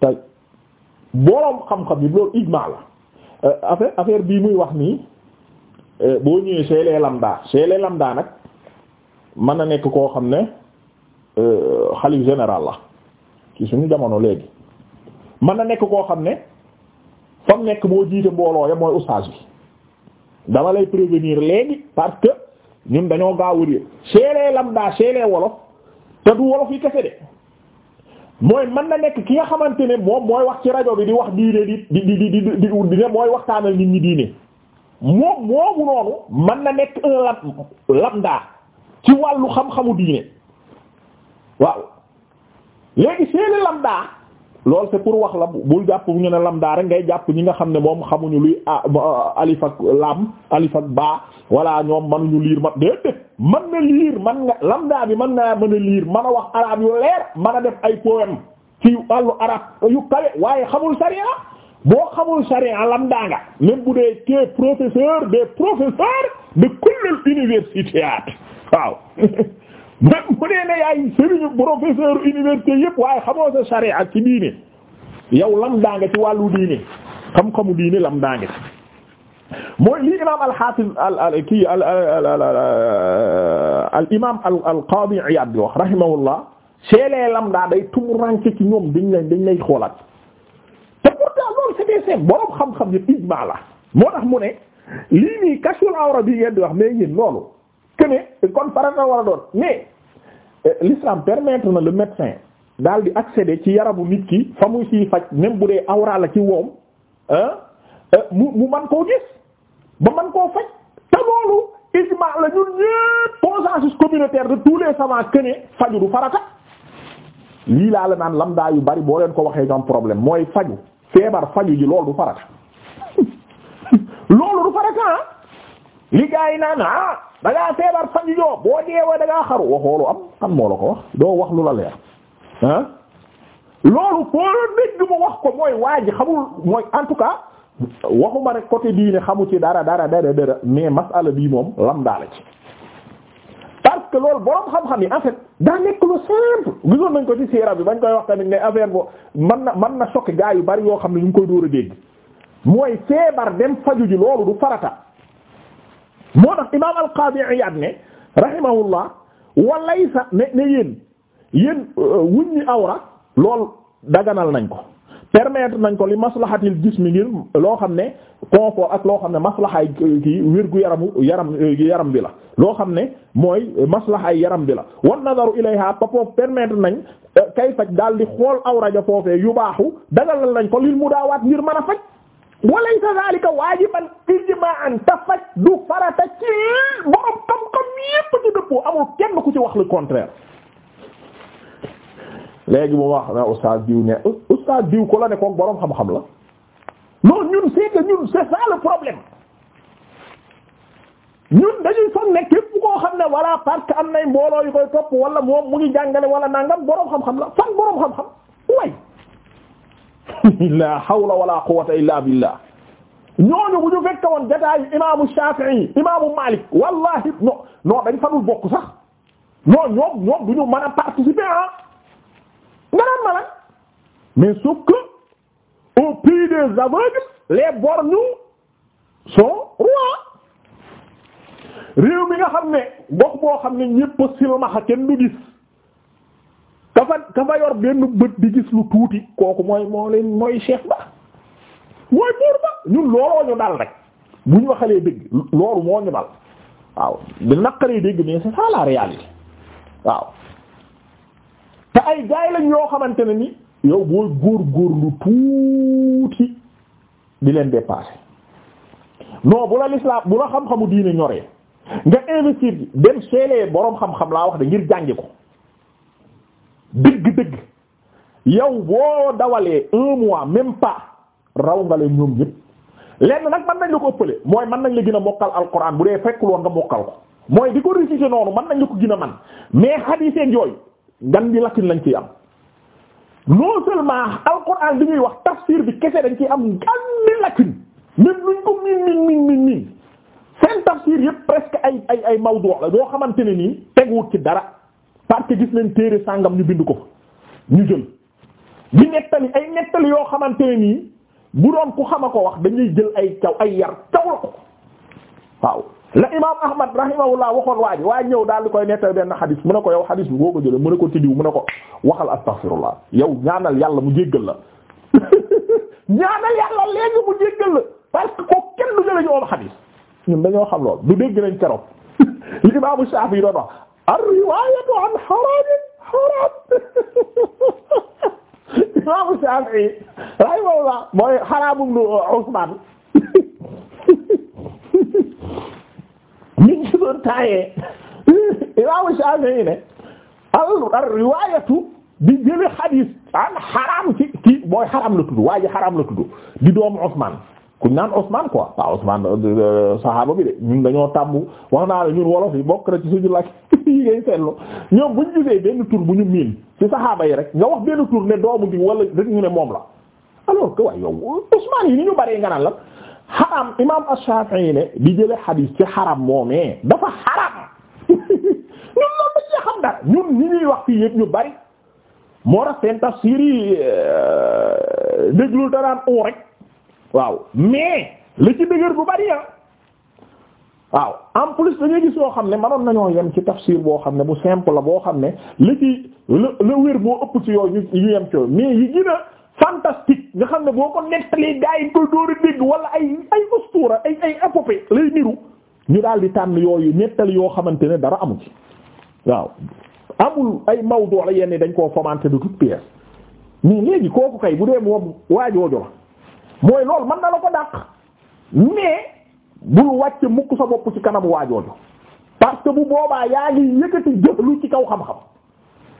te boroom xam-xam yi loolu ijmaa la euh, affaire affaire bii muy wax nii euh, boo ñëwee chez les lambda chez nag mën na nekk koo xam ne euh, xalif général la ci suñu jamono léegi mën na nekk koo xam ne fam nekk boo jiite mbooloo ya mooy ustaas bi dama lay prévenir léegi parce que ñun dañoo gaaw a réer chez les lambda wolof te du wolof yi kese de. mooy man na nekk ki nga xamante ne moom mooy wax ci rajo bi di wax diine di di di di di di ne mooy waxtaanal nit ñi diine moom moomu noonu mën na nekk un lam lambda ci wàllu xam-xamu diine waaw léegi seeni lambda loolu c'est pour wax la bul jàpp ñu ne lamdaa rek ngay jàpp ñi nga xam ne moom xamuñu luy ah, ah, alif ak lam alif ak walla ñoom mënuñu liir ma déedéet mën na liir man nga lam bi mën naa mën a liir man a wax arab yu leer mën a def ay poème ci wàllu arab yu kawe waaye xamul sariya boo xamul sariya lam daa nga même bu dee kee professeur des professeurs de kullul université at waaw même mu nee ne yaay sëriñu professeur université yëpp waaye xamoo sa sharia diine yow lam daa nga ci wàllu diine xam-xamu diine lam daa nga ci mooy li imaam al-Hafiz al kii al al al imaam al al Qaadi Iyaad bi wax rahimahullah seelee lamdaa day tumurànke ci ñoom dañ lay dañ lay xoolaat te pourtant loolu c'était xam-xam yëpp ijmaa la moo tax mu ne lii nii kashful awra bi di wax mais ñun loolu que ne kon farata war a doon mais euh, l'islam permettre na le médecin daal di accéder ci yaramu nit ki fa mu siy faj même bu dee awra la ci woom euh, mu man koo gis ba man koo faj te loolu ijma la ñun ñëpp consensus communautaire de tous les savants que faju du farata lii laa la naan lamda yu bari boo leen ko waxee nga problème mooy faju feebar faju ji loolu du farata loolu du farata li gaa yi naan ah da ngaa feebar fan yoo boo deewee da xaru waxoolu am kan moo la ko wax doo wax lu la leer ah loolu foo la dégg mu wax ko mooy waa ji xamul mooy en tout cas waxuma rek côté diine xamu ci dara dara dara dara mais masala bii moom lam daala ci parce que loolu borom xam-xam yi en fait daa nekk lu simple gisoon nañ ko ci siira bi bañ koy wax tamit ne affaire bo mën na man na choquer gaa yu bari yoo xam ne ñu koy dóor a dégg mooy feebar dem faju ji loolu du moo tax imaam al-Qaadi Iyaad ne rahimahullah walaysa ne ne yéen euh, wuñ wuññi awra lool daganal nañ ko permettre nañ ko li maslahatil jismi ngir loo xam ne confort ak loo xam ne maslahaay kii wérgu yaramu yaram euh, yaram bi la loo xam ne mooy maslahaay yaram bi la war wan nazaru ilayha papoo permettre nañ euh, kay faj daal di xool awra ja foofee yu baaxu daganal nañ ko lil mudaawaat ngir mën a faj walaysa zalika waajiban ijma'an tafaj du farata ci borom xam-xam yépp ci dëppoo amul kenn ku ci wax le contraire léegi mu wax na ustaz diw ne ustaz diw ko la ne koog xam-xam la non ñun c'est ñun c'est ça problème ñun dañuy foog ne képp koo xam ne walla parce que am nay mbooloo yu koy topp wala moom mu ngi jàngale wala nangam borom xam-xam la fan borom xam-xam way la hawla wala quwwata illa billah ñooñu bu ñu fekk woon jataayu imaamu Shafi'i imaamu Malik wallahi non non dañ fa bokk sax non ñoom ñoom du ñu mën a participer ah nga naan ma la mais sauf que au pays réew mi nga xam ne gox boo xam ne ñépp silmaxa kenn du gis. kafa kafa benn bët di gis lu tuuti kooku mooy moo leen mooy chef ba mooy buur ba ñun looloo ñu dal rek bu ñu waxalee dëgg loolu moo ñu dal waaw di naqaree dëgg mais c'est ça la réalité waaw te ay gaay lañ yoo xamante ne ni yow booy góor góor lu tuuti di leen dépasser non bu la l'islam bu la xam-xamu diine ñoree nga investir dem seelee boroom xam-xam laa wax de ngir jàngi ko dëgg-dëgg yow boo dawalee un mois même pas raw nga leen ñoom ñëpp lenn nag mën nañ la ko ëppale mooy man nañ la gën a al alquran bu dee fekkul woon nga mokkal ko mooy di ko réciter noonu man nañ la ko gën a man mais xadiiseen yooyu ngan di latin lañ ciy am non seulement alquran bi ñuy wax tafsir bi kese dañ ciy am ngan ko miin miin miin miin seen tafsir yëpp ay ay ay mawdu la yoo xamante ne nii teguwut ci dara parce que gis nañ téere sàngam ñu bind ko fa ñu jël di nettali ay nettali yoo xamante ne nii bu doon ku xama ko wax dañuy jël ay caw ay yar caw la ko waaw la imaam waxoon waa waa ñëw daal di koy nettali benn xadis mu ne ko yow xadis bi boo ko jëlee mu ne ko tiddiw mu ne ko waxal astaghfirullah yow ñaanal yàlla mu jéggal la ñaanal yàlla léegi mu jéggal la parce que ko kenn du jëlee ñu om xadis ñun dañoo xam lool du dégg nañ keroog li imaamu Shaafi wax ar-riwaayatu an haraamin haraam imaamu Shaafi'i rahimahullah mooy haraamu nu Usmaan ñu gisoon taayee imaamu Shaafi'i ne ar-riwaayatu di jële hadiis an haraam ci kii mooy haraam la tudd waa ji haraam la tudd di doomu Usmaan kuñ naan Ousmane quoi waaw euh, saxaaba bi de ñun dañoo tàmm wax naa la ñun wolof yi bokk na ci suñu làkk yi ngay seetlu ñoom bu ñu gisee benn tur bu ñu miin ci saxaaba yi rek nga wax benn tur ne doomu bi wala rek ñu ne moom la alors que waaye yow Ousmane yi ni ñu bëree nga naan la xaram imam Ash-Shafi'i ne di jële xadiis ci xaram moomee dafa xaram ñun loolu dañ ci xam dara ñun ñuy wax fii yëpp ñu bari moo tax seen tafsir yi euh, déglul danaan u rek waaw mais li ci dëgër bu bari ya ah waaw en plus dañuy gis yoo xam ne manoon nañoo yem ci tafsir boo xam ne bu simple la boo xam ne li ci la wér boo ëpp ci yooyu ñu yem ci mais yi gën a fantastique nga xam ne boo ko nettali gaa yi koy dóori dégg wala ay ay ustuura ay ay épopée lay niru ñu daal di tànn yooyu nettali yoo xamante ne dara amu ci waaw amul ay mawdu la yenn dañ koo fomante de toute pièce mais léegi kooku kay bu dee moom waajoojo la mooy loolu mën na la ko dàq mais bul wàcc mukk sa bopp ci kanamu waajooju parce que bu boobaa yaa ngi yëkkati jëflu ci kaw xam-xam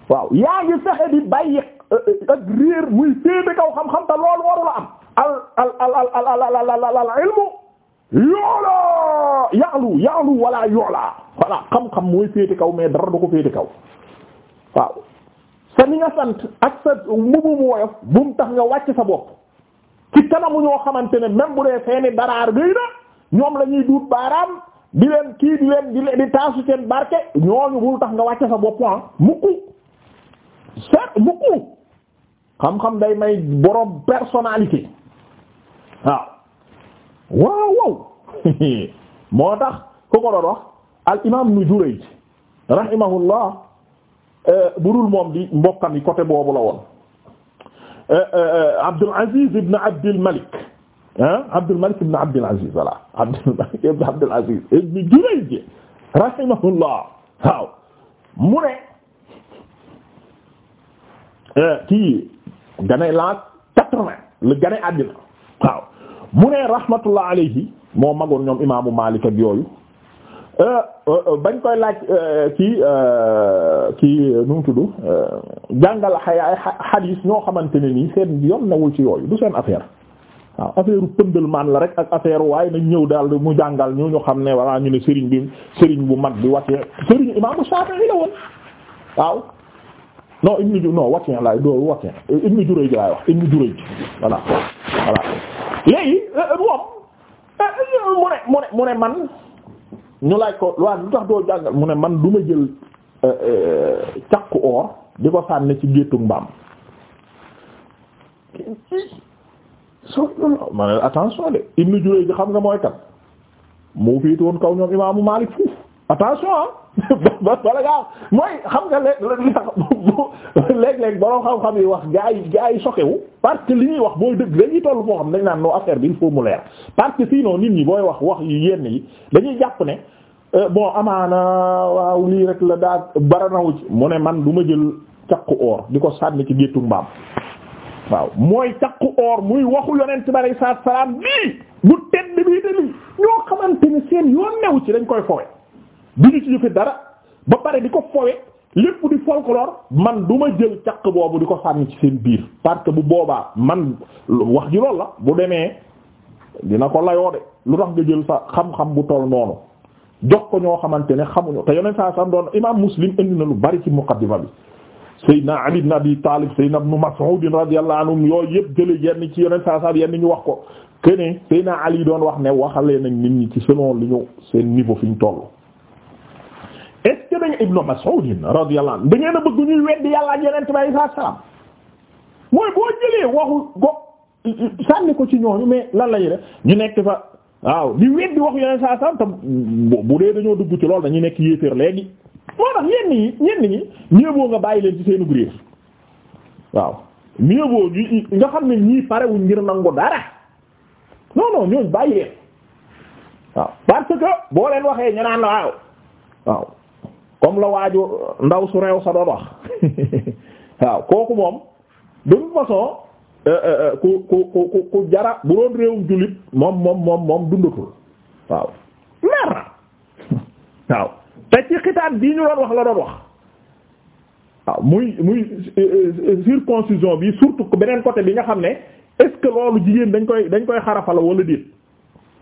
waaw yaa ngi fexe di bàyyi ak réer muy féete kaw xam-xam te loolu waru la am al al al al al al al al al ilmu yoola yaalu yaalu wala yoola voilà xam-xam mooy féete kaw mais dara du ko féete kaw waaw sa ni nga sant ak sa mbubu mu woyof bu mu tax nga wàcc sa bopp ci kanamu ñoo xamante ne même bu dee seeni daraar gëy ñoom la ñuy duut baaraam di leen kii di leen di leen di taasu seen barke ñooñu bul tax nga wàcce sa bopp ah mukku seet mukku xam-xam day may boroom personnalité waaw waaw waaw moo tax ku ko doon wax al imaam nu Jurayj rahimahullah eh, budul moom di mbokkam yi côté boobu la woon. Euh, euh, euh, Abdul Aziz ibn Abdul Malik ah Abdul Malik ibn Abdul Aziz voilà Abdul Malik ibn Abdul Aziz ibn Jurayj rahimahullah waaw mu ne kii ganay la quatre-vingt la ganay àddina waaw mu ne rahmatullah alayhi moo magoon ñoom imaamu Malik ak yooyu Euh, euh, euh, bañ koy laaj kii kii nu mu tudd jàngal xayaay xadiis ñoo xamante ne nii seen yoon newul ci yooyu du seen affaire waaw affaire pëndal maan la rek ak affaire waaye nañ ñëw daal mu jàngal ñu ñu xam ne walla ñu ne sëriñ bi sëriñ bu mag bi wàccee sëriñ imaamu Shaafi'i la woon waaw non Ibnu Jurayj non wàccee laay doo wàccee Ibnu Jurayj laay wax Ibnu léegi mu ne mu ne mu ne man. ñu laaj ko waaw lu tax doo jàngal mu ne man du ma jël euh, euh, caqu or di ko sànni ci géttug mbaam so ma ne attention de Ibn Jurayj xam nga mooy kat moo féete woon kaw ñoom imaamu Maalik foofu attention ah bala ngaa mooy xam nga léeg-léeg borom xam-xam yi wax gaa yi gaa yi choqué que li ñuy wax booy dëgg dañuy toll foo xam dañ naan noo bi il leer parce que sinon nit ñi booy wax wax yu yenn yi dañuy jàpp ne euh, boo amaana waaw lii rek la daa baranawu ci mu ne man du ma jël caqu or di ko sànni ci géttu mbaam waaw mooy caqu or muy waxu yonent bi alayhi salaam bii bu tedd bii te lii ñoo xamante ni seen yoon new ci dañ koy fowe du ñu ci jëfe dara ba pare di ko fowe lépp di folklore man du jël caq boobu di ko sànni ci seen biir parce que bu boobaa man wax ji lool la bu demee dina ko layoo de lu tax nga jël sa xam-xam bu toll noonu jox ko ñoo xamante ne xamuñu te yeneen saa sam doon imam muslim indi na lu bari ci muqaddima bi sayyidina ali ibn abi talib sayyidina ibn mas'ud radiyallahu anhum yooyu yëpp jële yenn ci yeneen saa sam yenn ñu wax ko kene sayyidina ali doon wax ne waxalee nañ nit ñi ci selon li ñu seen niveau fi ñu toll est-ce que da nga Ibnu Mas'ud radiyallahu anhu da ngeen a bëgg ñuy weddi yàlla ak yonent bi alayhi salaam mooy boo jëlee waxu gox sànni ko ci ñooñu mais lan la ñuy def ñu nekk fa aw li weddi waxu yonent saa salaam tam bu dee dañoo dugg ci loolu dañuy nekk yéeféer léegi. moo tax ñenn ñi ñenn ñi mieux vaut nga bàyyi leen ci seenu réer waaw mieux vaut ñu nga xam ne ñii parewuñ ngir nangu dara non non ñooñu bàyyi leen waaw parce que boo leen waxee ñu naan waaw waaw. moom la waaju ndaw su réew sa doon wax waaw kooku moom de toute façon euh, euh, euh, ku ku ku ku jara bu doon réewum jullit moom moom moom moom dundatul waaw leer na waaw te ci xitaan bii ñu doon wax la doon wax waaw muy muy circoncision bi surtout beneen côté bi nga xam ne est loolu jigéen dañ koy dañ koy xarafala wala déet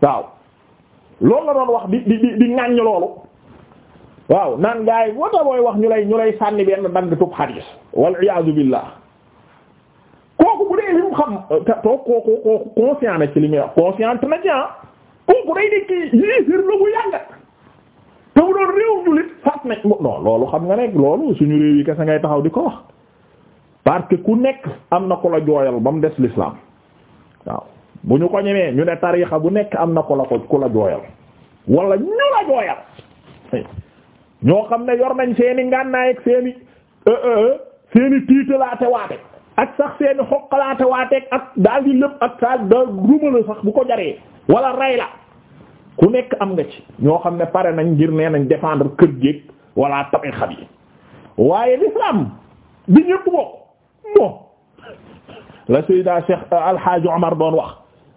waaw loolu la doon wax bi di di ŋàññ loolu waaw naan gaa yi wota booy wax ñu lay ñu lay sànni benn dagg tub xadiis wal iyaazu billaah kooku bu dee li mu xam toog kooku kooku na ci li muy wax na ci ah kooku day nekk yéeféer la bu yàgg te mu doon réew jullit faat nañ non loolu xam nga nekk loolu suñu réew yi kese ngay taxaw di ko wax parce que ku nekk am na ko la jooyal ba mu des l'islam waaw bu ñu ko ñemee ñu ne tariixa bu nekk am na ko la ko ku la jooyal wala ñu la jooyal ñoo xam ne yor nañ seeni ngànnaay ak seeni euh, euh, euh, seeni tiitalaate waate ak sax seeni xoqalaate waate ak daal di lépp ak saa daal rumala sax bu ko jaree wala rey ku nekk am nga ci ñoo xam ne pare nañ ngir nee nañ défendre kër géeg wala tamit xam yi waaye l'islam bi ñëpp bokk bon la Seydina Cheikh Alhaji Omar doon wax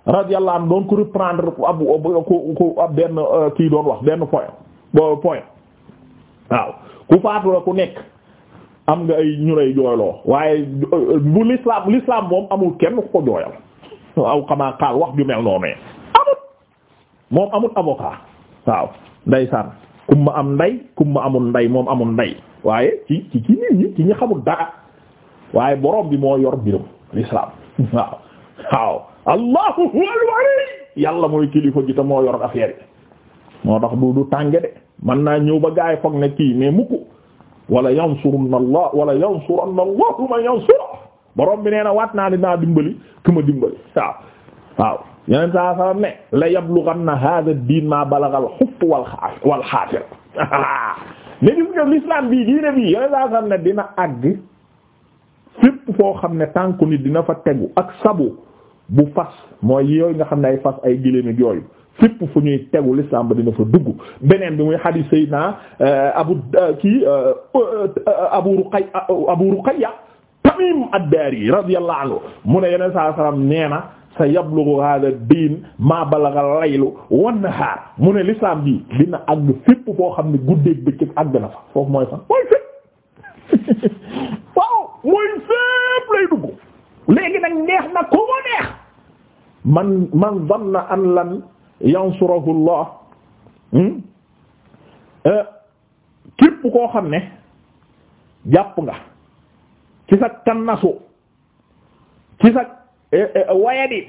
radiyallahu anhu doon ko reprendre ab ab kii doon wax benn point point waaw ku faatu la ku nekk am nga ay ñu lay jooyloo waaye euh, bu l'islam l'islam moom amul kenn ku ko jooyal aw xamaa xaal wax ju mel noonu amut moom amut avocat waaw ndeysaan kum ma am ndey kum ma amul ndey moom amul ndey waaye ci ci ci ñi ci ñi xamul dara waaye borom bi moo yor biram l'islam waaw waaw allahu huwal wali yàlla mooy kilifa ji te moo yor affaire yi moo tax du du tànge de man naa ñëw ba gaay foog ne kii mais mukk wala yansurunna allah wala yansuranna allahu man yansur borom bi nee na waat naa dinaa dimbali ku ma dimbali waaw waaw yeneen saa saa ne la yablughanna hadha ad-din ma balagha al-huff wal xaatir mais gis nga l'islam bii diine bii yeneen saa saa ne dina àgg fépp foo xam ne tànku nit dina fa tegu ak sabu bu fas mooy yooyu nga xam ne ay fas ay gëléem yooyu. fépp fu ñuy tegu l'islam ba dina fa dugg beneen bi muy hadith Seydina euh, abu euh, kii euh, abu Ruqay abu Ruqayya Tamim ad-Dari radiyallahu anhu mu ne yeneen saa salaam nee na sa yablughu hadha ad-din ma balagha al-laylu wan-nahar mu ne l'islam bi dina àgg fépp foo xam ne guddeeg bëccëg àgg na fa foofu mooy fa mooy fépp waaw mooy fépp lay dugg léegi nag neex na ko moo neex man man zanna an lan yansurahu Allah hmm? euh, képp koo xam ne jàpp nga ci sa tannasu ci sa euh, euh, wayadi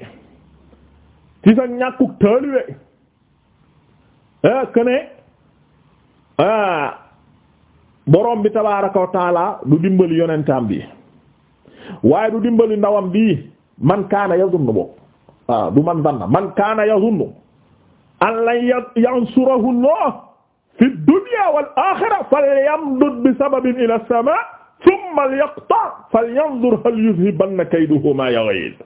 ci sa ñàkkuk taalibe bi tabaaraka wa taala du dimbali yonentam bi waaye du dimbali ndawam bi man kaana yazunnu bokk waaw du man zanna man kaana yazunnu an lan yansurahu llah fi dunya wal axira falyamdud bi sababin ila samaa thumma liyaqta falyanzur hal yuzhibanna kayduhu ma yaghid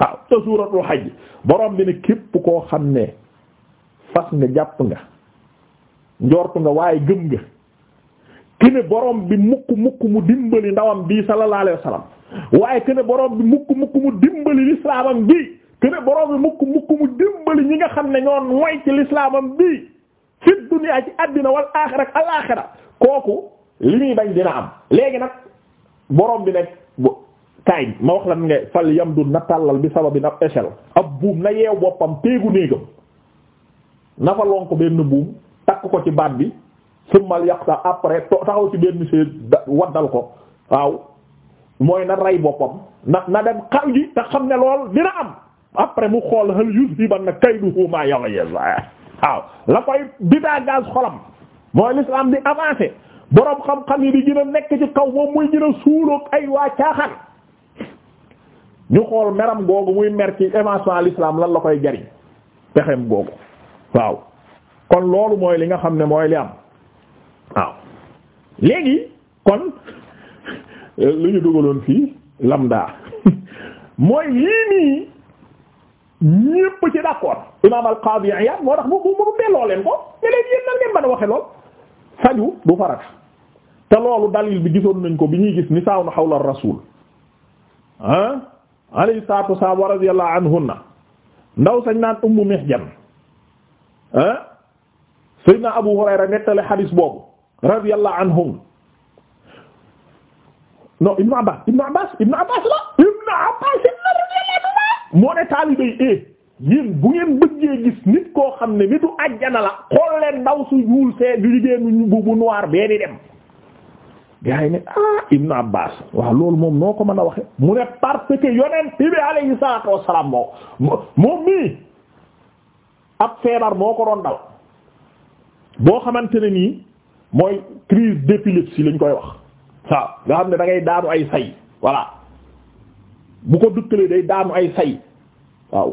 waaw te suuratul hajj borom bi ne képp koo xam ne fas nga jàpp nga njortu nga waaye gëm nga ki ne borom bi mukk mukk mu dimbali ndawam bi sallallahu alayhi wa sallam waaye ki ne borom bi mukk mukk mu dimbali lislaamam bi que ne borom bi mukk mukk mu dimbali ñi nga xam ne ñoon moy ci lislaamam bii fi dunya ci àddina wal aaxira ak al kooku li muy bañ dina am léegi nag boroom bi nag kaay ma wax lan nga fal yamdu na tàllal bi sababin ab échelle ab buum na yeew boppam téegu néegam na fa lonk benn buum takk ko ci baat bi summal yàq sa après taxaw ci benn see waddal ko waaw mooy na rey boppam na na dem xal gi te xam ne lool dina am après mu xool hal yuzhibanna kayduhu ma yaghyiz waaw la koy bitaa gaz xolam mooy l'islam di avancé boroom xam-xam yi di gën a nekk ci kaw moom muy gën a suuloog ay waa caaxaan ñu xool meram googu muy mer ci avancement à lan la koy jariñ pexem googu waaw kon loolu mooy li nga xam ne mooy li am waaw léegi kon lu ñu dugaloon fii lambda mooy lii nii ñépp ci d'accord imaam al qaadi Iyaad moo tax mu mu mu delloo leen ko ne leen yéen nan ngeen mën a waxe lool faju du farata te loolu dalil bi gisoon nañ ko bi ñuy gis nisaa na xawla rasuul ah alayhi salaatu wassalaam wa radiyallahu anhunna ndaw sañ naan ummu mihjan ah sayyidina abu hurayra nettale xadiis boobu radiyallahu anhum non ibnu ibnu abbaas ibnu abbaas ibnu abbaas moo ne taalibe yi eh bu ngeen bëggee gis nit koo xam ne nitu ajjana la xool leen ndaw su ñuul see du liggéey bu bu noir bee di dem. gaa yi ne ah Ibn Abbas waaw loolu moom noo ko mën a waxee mu ne parce que yonent bi alayhi salaatu wassalaam moo moom mii ab feebar moo ko doon dal boo xamante ne nii mooy crise d'épilepsie lañ koy wax waaw nga xam ne dangay ngay daanu ay say voilà bu ko dëkkalee day daanu ay say waaw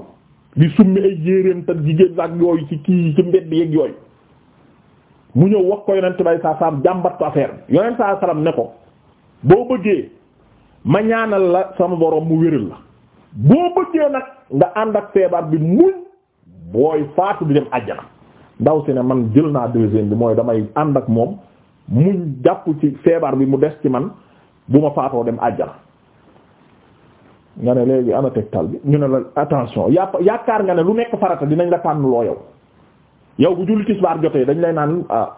di summi ay jéeréem te jigéen ak yooyu ci kii ci mbedd yeeg yooyu mu ñëw wax ko yonent bay saa saam jàmbat ko affaire bi yonent saa saram ne ko boo bëggee ma ñaanal la sama borom mu wéral la boo bëggee nag nga ànd ak feebar bi muñ booy faatu di dem àjjana ndaw si ne man jël naa deuxième bi mooy damay ànd ak moom muñ jàpp ci feebar bi mu des ci man bu ma faatoo dem àjjana nga ne léegi ana tegtal bi ñu ne la attention yàpp yaakaar nga ne lu nekk farata dinañ la tànn loo yow yow bu julli tisbaar jotee dañ lay naan ah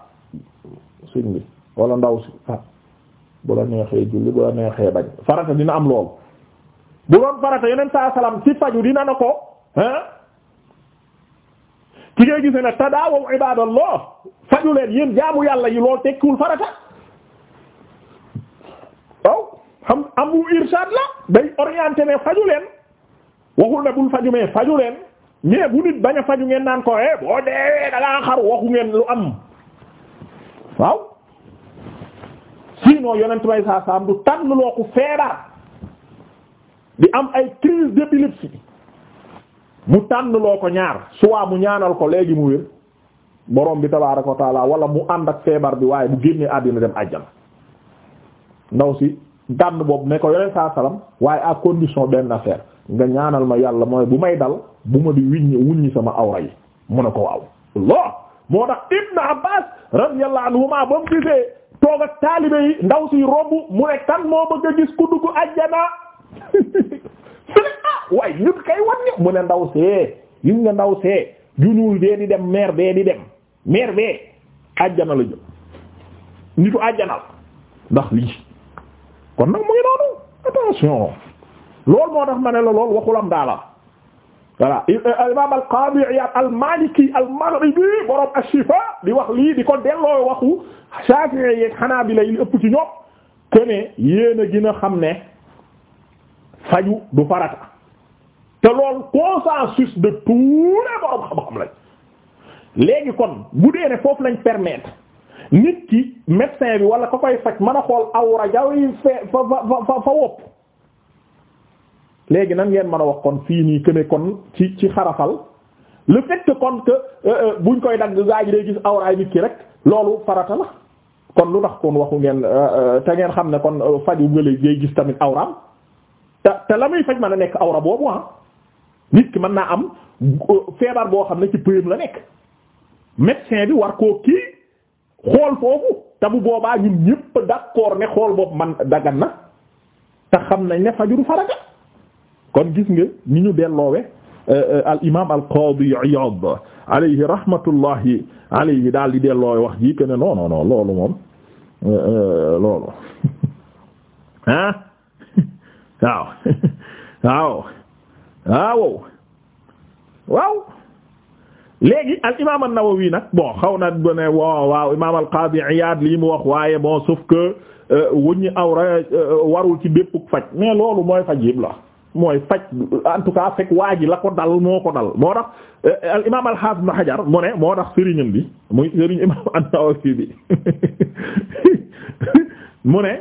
bi wala ndaw si ah bu la neexee farata dina am loolu bu doon farata yeneen saa salaam ci faju dina na ko ah ki ngay gise ne tadaawaw ibadallah faju leen yéen jaamu yàlla yi lool tekkiwul farata waaw xam amu irshad la day orienté ne faju leen waxul ne bul faju mais faju leen mais bu nit bañ a faju ngeen naan ko eh boo deewee da ngaa waxu ngeen lu am waaw sinon yonent bay saa saam du tànn loo ko feebar di am ay crise d'épilepsie mu tànn loo ko ñaar soit mu ñaanal ko léegi mu wér borom bi tabaaraka wa taala wala mu ànd ak feebar bi waaye bu génnee àddina dem àjjana ndaw si. gànn boobu ne ko yore saa salam waaye à condition benn affaire nga ñaanal ma yàlla mooy bu may dal bu ma di wiññi wuññi sama awra yi mu ne ko waaw Allah moo tax Ibn Abbas radiyallahu anhuma ba mu gisee toog ak taalibe yi ndaw si romb mu ne kan moo bëgg a gis ku dugg ajjana ah, waaye ñun kay wan ni mu ne ndaw see gis nga ndaw see juñuul dee di dem meer bee di dem meer bee ajjana la jëm nitu ajjana la ndax lii kon nag mu ngi noonu attention loolu moo tax ma ne la lool waxulam daala voilà eh, imam al qadi iyad al maliki al maghribi borom ashifa di wax lii di ko delloo waxu shafi'i yeeg hanabila yi ëpp ci ñoom que yéen a gën xam ne faju du farata te lool consensus de tous les borom xam-xam lañ léegi kon bu dee ne foofu lañ permettre nit ki médecin bi wala ka koy faj mën a xool awra jawi fa fa fa fa wopp léegi nan ngeen mën a wax kon fii nii que ne kon ci ci xarafal le fait que kon que euh, euh, buñ koy dagg gaa ji day gis awraay nit ki rek loolu farata la kon lu tax kon waxu ngeen euh, te ngeen xam ne kon faju gële day gis tamit awraam te te la muy faj mën a nekk awra boobu ah nit ki mën naa am feebar boo xam ne ci pëyam la nekk médecin bi war koo kii xool foofu te boobaa ñun ñëpp d'accord ne xool boobu man dagan na te xam nañ ne fajuru farata kon gis nga ni ñu delloowe euh, euh, al imaam al qaadi Iyaad alayhi rahmatullahi alayhi daal di delloowe wax ji que ne non loolu moom euh, loolu ah waaw waaw waaw. léegi al imaam an-Nawawi nag bon xaw na ne waaw imaam al-Qaadi Iyaad lii mu wax waaye bon sauf que euh, wuññi awra euh, warul ci bépp faj mais loolu mooy faj yëpp la mooy faj en tout cas fekk waa ji la ko dal moo ko dal moo tax euh, al imaam al-Haafiz Ibn Hajar mu ne moo tax sëriñam bi muy sëriñ imaam mu ne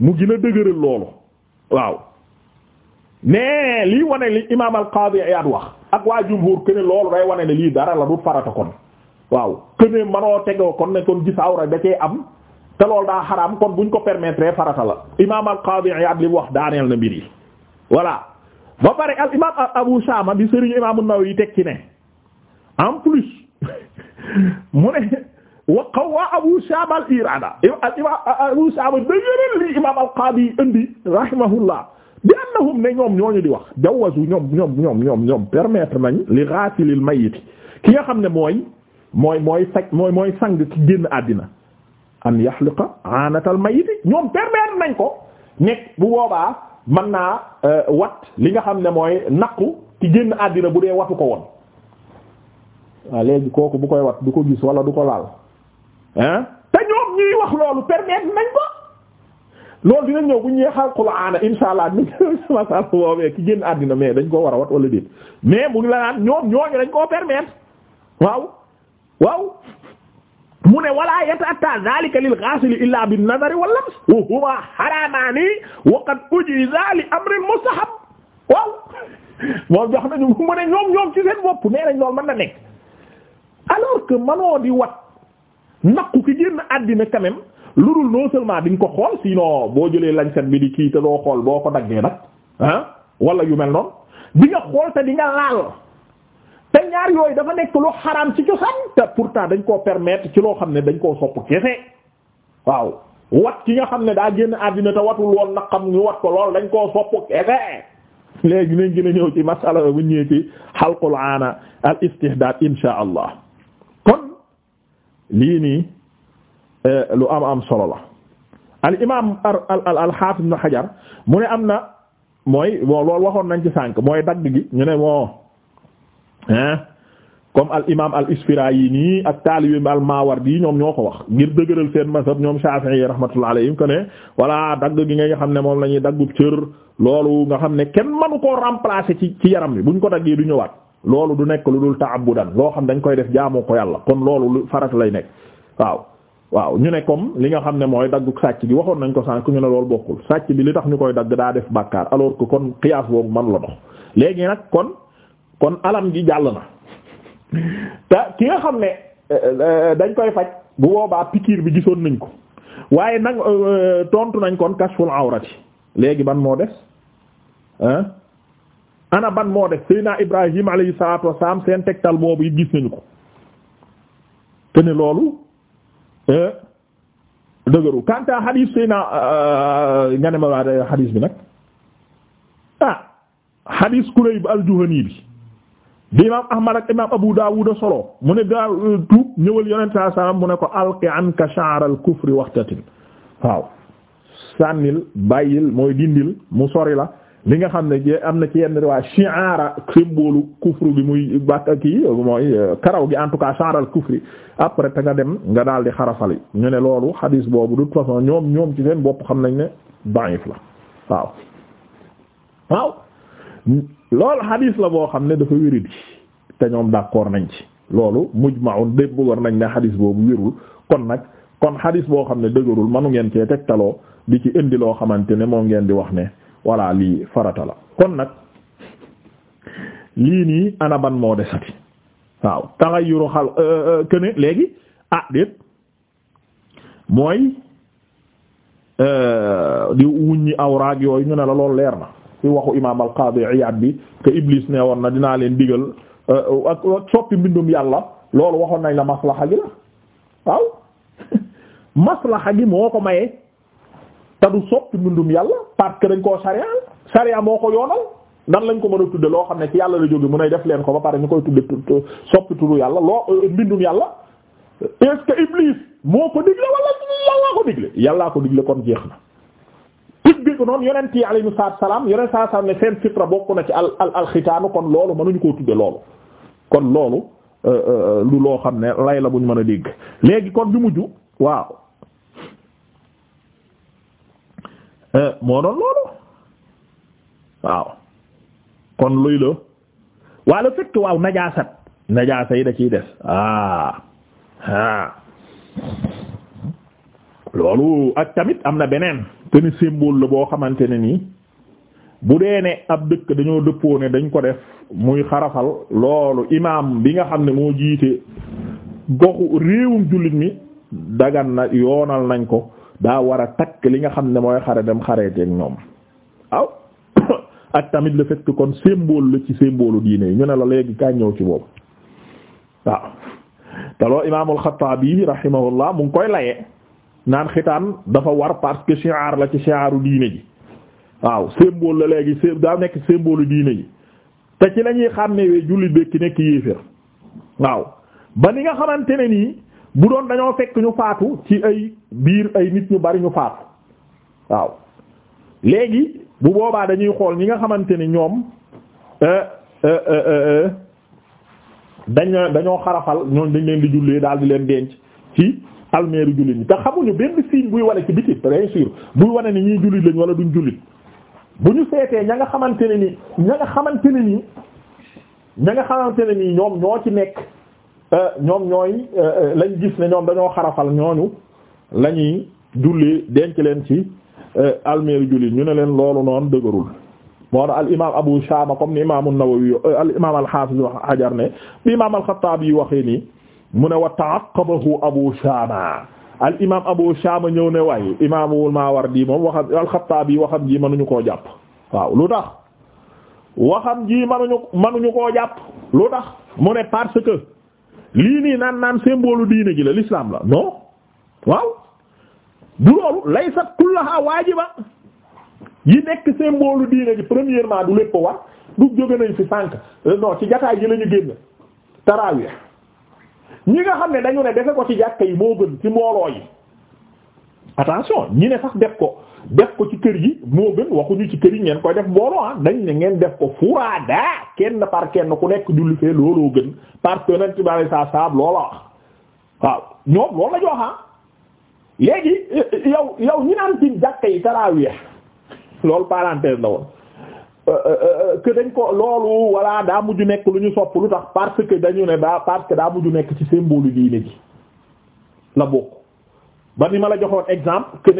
mu gën a dëgëral loolu waaw mais lii wane li imaam al-Qaadi Iyaad wax. ak waa jumhur këne loolu day wane ne lii dara la du farata kon waaw këne manoo tegoo kon ne kon gis awra da cee am te loolu daa xaraam kon buñ ko permettre farata la imaam al qaadi Iyaad li wax daaneel na mbir yi voilà pare al imaam Abu Shama bi sëriñ imaam an-Nawawi teg ci ne en plus mu ne wa qawwa Abu Shama al iraada al imaam Abu Shama da yëral li imaam al qaadi indi rahimahullah annahum ne ñoom ñooñu di wax jawazu ñoom ñoom ñoom ñoom ñoom permettre nañ li ghasilil mayyit ki nga xam ne mooy mooy mooy faj mooy mooy sang ki génn àddina an yaxliqa aanatal mayyit ñoom permettre nañ ko nekk bu boobaa man naa euh, wat li nga xam ne mooy naqu ki génn àddina bu dee watu ko woon waaw léegi kooku bu koy wat du ko gis wala du ko laal hein te ñoom ñuy wax loolu permettre nañ ko loolu dina ñëw bu ñu yeexal xulaana insha allah ni ki génn àddina mais dañ koo war a wat wala déet mais mu ngi la naan ñoom ñooñu dañ koo permettre waaw waaw mu ne wala yata'atta zalika lil ghasili illa bin nazari wal lams huma haramani wa qad li amrin mustahab waaw moom jox nañu mu ne ñoom ñoom ci seen bopp nee nañ loolu mën na nekk alors que manoo di wat naqu ki génn àddina quand lu dul non seulement di ko xool sinon boo jëlee lancet bi di kii te doo xool boo ko daggee nag ah wala yu mel noonu di nga xool te di laal te ñaar yooyu dafa nekk lu xaraam ci cosaan te pourtant dañ koo permettre ci loo xam ne dañ koo sopp kese waaw wat ki nga xam ne daa génn àddina te watul woon nag xam ñu wat ko lool dañ koo sopp kese léegi nañ gën a ñëw ci masala bu ñëwee ci xalqul aana al istihdaad insha allah kon lii nii Eh, lu am am solo la al imaam al al xaafis ibn Hajar mu ne am na mooy bon loolu waxoon nañ ci sànq mooy dagg gi ñu ne bon hein comme al imaam al Isfirayini ak taalibeem al Mawardi ñoom ñoo ko wax ngir dëgëral seen mazhab ñoom Shafi'i yi rahmatullah alayhim ko ne voilà dagg gi nga xam ne moom la ñuy daggub cër loolu nga xam ne kenn mënu koo remplacer ci ci yaram bi buñ ko daggee du ñëwaat loolu du nekk lu dul ta'abbudan loo xam dañ koy def jaamoo ko yàlla kon loolu lu farat lay nekk waaw. waaw ñu ne comme li nga xam ne mooy daggu sàcc gi waxoon nañ ko sànq ñu ne loolu bokkul sàcc bi li tax ñu koy dagg daa def bàkkaar alors que kon xiyaas boobu man la dox léegi nag kon kon alam gi jàll na te ki nga xam ne euh, euh, dañ koy faj bu boobaa pikiir bi gisoon nañ ko waaye nag euh, tontu nañ kon kashful awrati léegi ban moo des ah ana ban moo des Seydina Ibrahim alayhi salaatu wa salaam seen tegtal boobu it gis nañu ko te ne loolu. Eh? dëgëru kanta xadiis sëy na ma waa xadiis bi nag ah xadiis Kurayb al bi bi imaam Ahmad ak imaam Abu Dawud solo mu ne gaa euh, tuub ñëwal yonent saa salaam mu ne ko alqi anka sha'r al waxtatin waaw sànnil bàyyil mooy dindil mu sori la li nga xam ne je am na ci yenn riwaay shi'ara symbole kufru bi muy bàkk kii mooy euh, karaw gi en tout cas shi'aral kufri après te nga dem nga daal di xarafali ñu ne loolu xadiis boobu de toute façon ñoom ñoom ci seen bopp xam nañ ne da'if la waaw waaw loolu xadiis la boo xam ne dafa wéradi te ñoom d'accord nañ ci loolu mujma'un dépp war nañ ne xadiis boobu wérul kon nag kon xadiis boo xam ne dëgërul manu ngeen cee tegtaloo li ci indi loo xamante ne moom ngeen di wax ne voilà lii farata la kon nag lii nii anaban moo desati waaw taxayuru xal këne euh, euh, léegi ah déet mooy euh, di wuññi awraag yooyu ñu ne la lool leer na ci waxu imaam al qaadi Iyaad bi te Iblis ne woon na dinaa leen digal ak soppi mbindum yàlla loolu waxoon nañ la maslaxa gi la waaw maslaxa gi moo ko maye te du soppi mbindum yàlla parce que dañ koo sariya sariya moo ko yoonal nan lañ ko mën a tudde loo xam ne ci yàlla la jóge mu ne def leen ko ba pare ñu koy tudde soppi turu yàlla loo euh, mbindum yàlla est-ce que Iblis moo ko digle wala yàlla ko digle yàllaa ko digle kon jeex na pig ko noonu yonent yi alayhimu salaam yonent saa salaam ne seen fitra bokk na ci al al alxitaanu kon loolu mënuñu koo tudde loolu kon loolu euh, euh, lu loo xam ne lay la buñ mën a dégg Eh, moo doon loolu waaw kon luy la wala fekk waaw najaasat najaasa yi da ciy des ah ah loolu ak tamit am na beneen te ni symbole la boo xamante ne nii bu dee ne ab dëkk dañoo dëppoo ne dañ ko def muy xarafal loolu imaam bi nga xam ne moo jiite goxu réewum jullit mi dagan na yoonal nañ ko daa war a takk li nga xam ne mooy xare dem xareeteeg ñoom waaw ak tamit le fait que kon symbole la ci symbole diine yi ñu ne la léegi kañ ñëw ci boobu waaw te loolu imaamul Xattaabi rahimahullah mu ngi koy laye naan xitaan dafa war parce que shi'ar la ci shi'aru diine ji waaw symbole la léegi s daa nekk symbole diine ji te ci la ñuy xàmmewee jullit bekki nekk yéeféer waaw ba ni nga xamante ne nii bu doon dañoo fekk ñu faatu ci ay biir ay nit ñu bari ñu faatu waaw léegi bu boobaa dañuy xool ñi nga xamante ni ñoom euh, euh, euh, dañ dañoo xarafal ñoom dañ leen di jullee daal di leen denc ci almeeru jullit ñi te xamuñu benn signe buy wane ci biti bien sûr buy wane ni ñuy jullit lañ wala duñ jullit bu ñu seetee ña nga xamante ne ni ña nga xamante ne ni ña nga xamante ne ni ñoom ñoo ci nekk. ñoom ñooy euh, lañ gis ne ñoom dañoo xarafal ñooñu la ñuy julli denc leen ci euh, almeeri julli ñu ne leen loolu noonu dëgërul moo tax al imaam Abu Shama comme ni imaam an-Nawawi euh, al imaam al-Hafiz Hajar ne bi imaam al-Khattabi waxee nii mu ne wa ta'aqqabahu Abu Shama al imaam Abu Shama ñëw ne waaye imaamul Mawardi moom waxam al yi waxam ji mënuñu koo jàpp waaw lu tax waxam ji mënuñu mënuñu koo jàpp lu tax mu ne parce que. lii nii naan naan symbole diine gi la l'islam la non waaw du loolu laysat kullaha waajiba yi nekk symbole diine gi premièrement du lépp war du jóge nañ fi sànq euh, non ci jataay ji la ñu génn tarawih ñi nga xam ne dañu ne defe ko ci jàkka yi moo gën ci mbooloo attention ñi ne sax def ko def ko ci kër yi moo gën waxuñu ci kër yi ngeen koy def mbooloo ah dañ ne ngeen def ko furaada kenn par kenn ku nekk julli fee looloo gën par tenant bari sa saab loola wax waaw ñoom loolu la ñu ah léegi yow yow ñi naan ci jàkka yi taraawiix loolu parenthèse la woon euh, euh, euh, que dañ ko loolu walla daa mujj nekk lu ñu sopp lu tax parce que dañu ne daa parce que daa mujj nekk ci symbole diine ji la bokk. ba ni ma la joxoon exemple que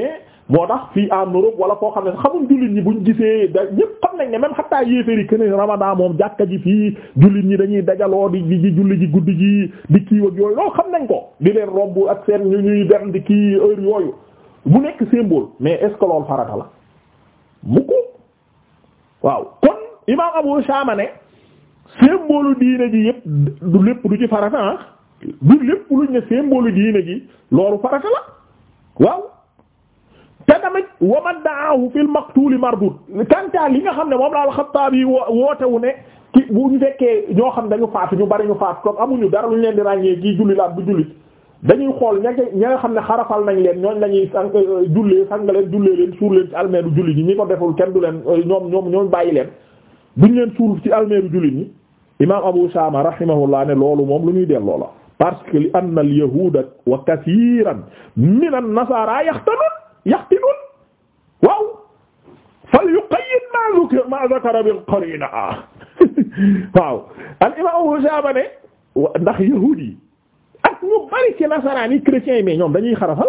moo tax fii en Europe wala koo xam ne xamuñ jullit ñi buñ gisee da ñëpp xam nañ ne même xattaa yéeféri que ne Ramadan moom jàkka ji fii jullit ñi dañuy dajaloo di di julli ji guddi ji di kii yooyu loolu xam nañ ko di leen romb ak seen ñu ñuy dem di kii heure yooyu mu nekk symbole mais est-ce que loolu farata la mu waaw kon imam Abu Shama ne symbole diine ji yëpp du lépp du ci farata ah du lépp luñ ne symbole diine gi loolu waaw te tamit wa man da'ahu fil maqtuuli mardud kanta yi nga xam ne moom la al woo wootewu ne ki bu ñu fekkee ñoo xam dañu faatu ñu bari ñu faatu kon amuñu dara lu ñu leen di ràññee kii julli la bu jullit dañuy xool ña ña nga xam ne xarafal nañ leen ñooñ lañuy sang jullee sang leen jullee leen suur leen ci almeeru jullit ñi ñi ko deful kenn du leen ñoom ñoom ñoom bàyyi leen buñ leen suur ci almeeru jullit ñi imaam Abu Shaama rahimahullah ne loolu moom lu ñuy delloo la parce que li anna al yahuda wa kathiran min an nasara yaxtanun yaxtinun waaw fal yuqayyid ma zukira ma zakara bil qarina waaw al imam Hushaybane ndax yahuudi yi ak ñu bari ci nasaraan yi chrétiens yi mais ñoom dañuy xarafal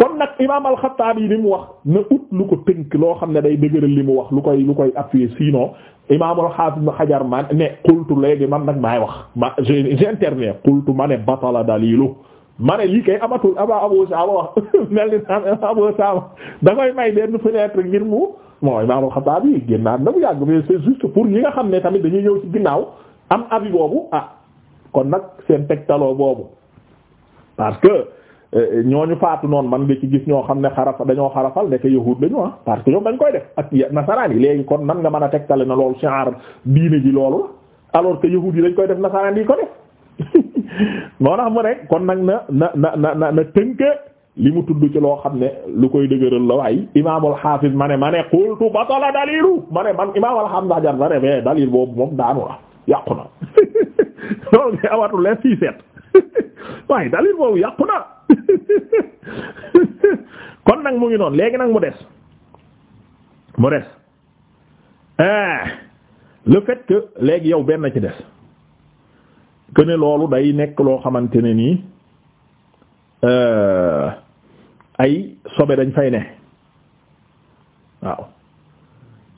kon nag imaam alxataabi li mu wax na ut lu ko tënk loo xam ne day dëgëral li mu wax lu koy lu koy appuyer sinon imaamul xaafis ibn xajar man ne qultu léegi man nag maay wax ma j'interviens qultu ma ne batala dalilu ma ne lii kay amatul aba abou saaba wax mel ni naan abou saaba da koy may benn fenêtre ngir mu moo imaamul xataabi génnaan na bu yàgg mais c'est juste pour ñi nga xam ne tamit dañuy ñëw ci ginnaaw am avis boobu ah kon nag seen tegtaloo boobu ñu faatu noonu man nga ci gis ñoo xam ne xarafa dañoo xarafal nekk yahuud lañu ah parce que ñoom dañ koy def ak nasaraan yi léegi kon nan nga man a tegtale na loolu shi'ar diine ji loolu alors que yahuud yi dañ koy def nasaraan yi ko def moo tax mu kon na na na na na li mu tudd ci loo xam ne lu koy dëgëral la ma ma ne ma ne man imaamul boobu moom daanu la yàqu amatul leen sii seet waaye dalil boobu yàqu na kon nag mu ngi noonu léegi nag mu des mu des eh, le fait léegi yow benn ci des que ne loolu day nekk loo xamante ne nii euh, ay sobe dañ fay ne waaw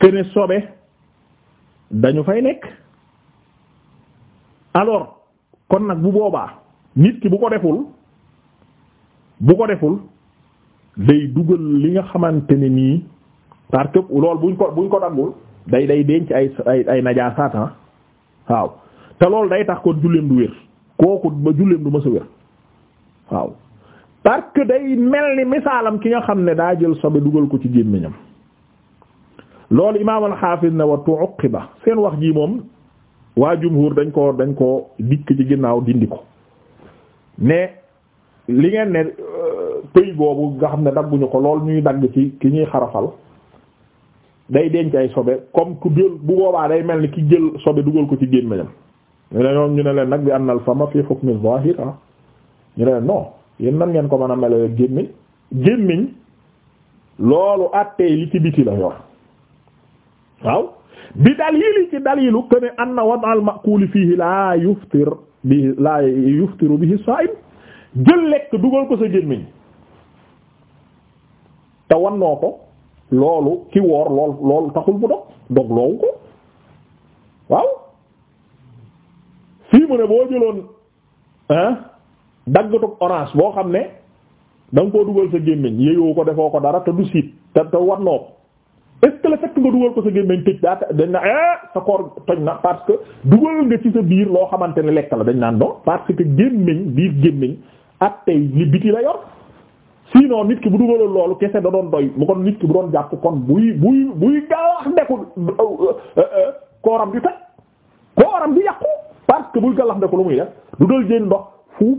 que ne sobe dañu fay nekk alors kon nag bu boobaa. nit ki bu ko deful bu ko deful day dugal li nga xamante ne nii parce lool buñ ko buñ ko daggul day day denc ay ay ay najaasaatan ah. waaw te loolu day tax ko julleem du wér kooku ba julleem du mës wér waaw parce que day mel ni misaalam ki nga xam ne daa jël sobe dugal ko ci gémmiñam loolu imaam al-Hafiz ne wa tu'qiba seen wax ji moom waa jumhur dañ ko dañ ko dikk ci ginnaaw dindi ko ne li ngeen ne euh, pëy boobu nga xam ne dagguñu ko lool ñuy dagg ci ki ñuy xarafal day denc ay sobe comme ku jël bu boobaa day mel ni ki jël sobe dugal ko ci gémmiñam ñu ne ñoom ñu ne leen nag bi annal fama fi hukmi zahir ah ñu ne leen non yéen nan ngeen ko mën a mele melo gémmiñ gémmiñ loolu àttee li ci biti la yor waaw bi dalili ci dalilu que anna wad al ma'kul fihi laa yuftir bihi laa yuftiru bihi saa'im jël lekk dugal ko sa gémmiñ te wannoo ko loolu ki woor lool loolu taxul mu dog dog loowu ko waaw fii mu ne boo jëloon ah daggatug orange boo xam ne da nga koo dugal sa gémmiñ yeyoo ko defoo ko dara te du siit te te wannoo ko est que la fekk nga dugal ko sa gémmiñ tëj daa dañ na ah sa koor toj na parce que dugal nga ci sa biir loo xamante ne lekk la dañ naan non parce que gémmiñ biir gémmiñ ak tey li biti la yor noon nit ki bu dugaloon loolu kese da doon doy mu kon nit ki bu doon jàpp kon buy buy buy galax ndeku euh, euh, euh, kooram di toj kooram di yàqu parce que buy galax ndeku lu muy def du dal jën ndox fu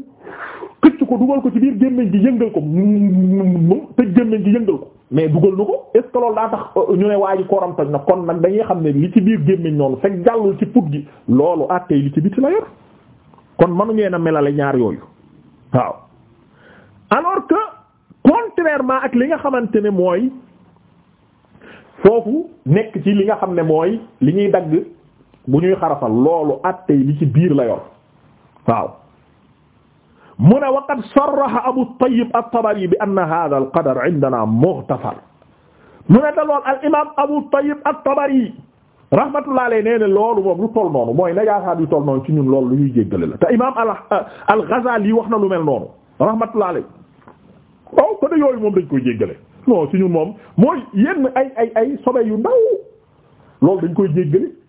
xëcc ko dugal ko ci biir gémmiñ gi yëngal ko mu tëj gémmiñ gi yëngal ko mais dugal na ko est ce que loolu daa tax euh, ñu ne waa kooram toj na kon nag dañuy xam ne li ci biir gémmiñ noonu fekk jàllul ci put gi loolu àttee li ci biti la yor kon manu ngeen a melale ñaar yooyu waaw alors que contrairement ak li nga xamante ne mooy foofu nekk ci li nga xam ne mooy li ñuy dagg bu ñuy xarafal loolu àttee li ci biir la yor waaw mu ne waqad sarraha Abu Tayyib at-Tabari bi anna hadha al-qadar indana mughtafar mu ne te lool al imaam Abu Tayyib at-Tabari rahmatullahi alayhi nee na loolu moom lu toll noonu mooy najaasaat yu toll noonu ci ñun loolu lu ñuy jéggale la te imaam al-Ghazali wax na lu mel noonu rahmatullahi alayhi waaw ko de yooyu moom dañ koy jéggale non ci ñun moom mooy yenn ay ay ay sobe yu ndaw loolu dañ koy jéggale